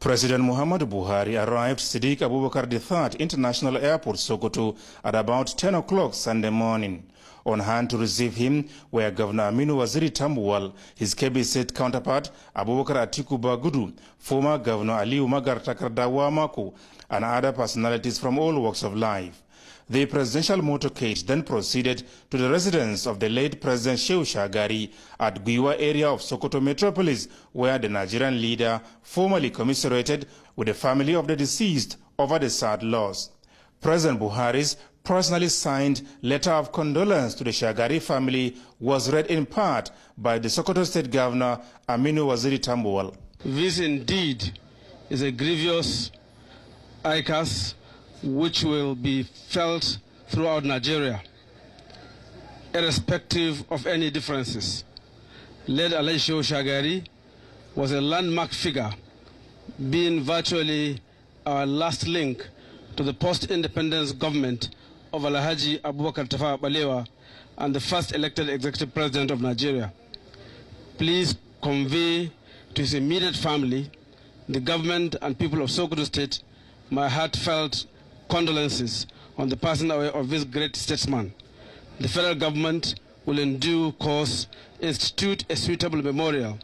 President Muhammad Buhari arrived Sidiq Abubakar III International Airport, Sokoto, at about 10 o'clock Sunday morning. On hand to receive him were Governor Aminu Waziri Tambuwal, his KB State counterpart Abubakar Atiku Bagudu, former Governor Aliu Magar Takardawamako, and other personalities from all walks of life. The presidential motorcade then proceeded to the residence of the late President Shehu Shagari at Guiwa area of Sokoto metropolis, where the Nigerian leader formally commiserated with the family of the deceased over the sad loss. President Buhari's personally signed letter of condolence to the Shagari family was read in part by the Sokoto State Governor Aminu Waziri Tambuwal. This indeed is a grievous ICAS which will be felt throughout Nigeria, irrespective of any differences. Led Alessio Shagari was a landmark figure, being virtually our last link to the post-independence government of Alhaji Abubakar Tafawa Balewa and the first elected executive president of Nigeria. Please convey to his immediate family, the government and people of Sokoto State, my heartfelt condolences on the passing away of this great statesman. The federal government will in due course institute a suitable memorial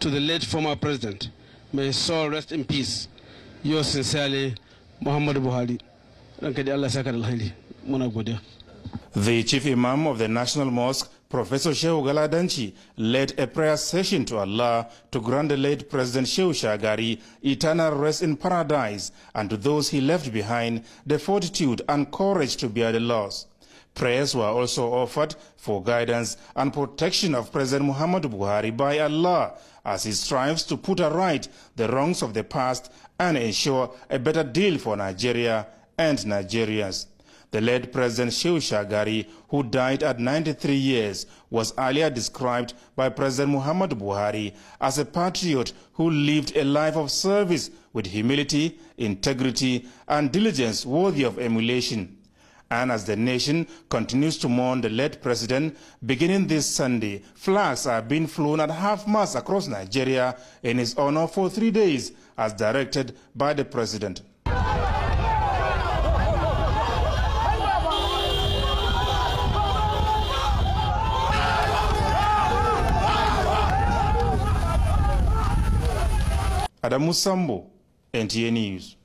to the late former president. May his soul rest in peace. Yours sincerely, Muhammad Buhari. The chief imam of the National Mosque Professor Shehu Galadanchi led a prayer session to Allah to grant the late President Shehu Shagari eternal rest in paradise and to those he left behind the fortitude and courage to bear the loss. Prayers were also offered for guidance and protection of President Muhammad Buhari by Allah as he strives to put aright the wrongs of the past and ensure a better deal for Nigeria and Nigerians. The late President Shehu Shagari, who died at 93 years, was earlier described by President Muhammad Buhari as a patriot who lived a life of service with humility, integrity, and diligence worthy of emulation. And as the nation continues to mourn the late president, beginning this Sunday, flags are being flown at half-mast across Nigeria in his honor for three days, as directed by the president. Adamu Sambo, NTN News.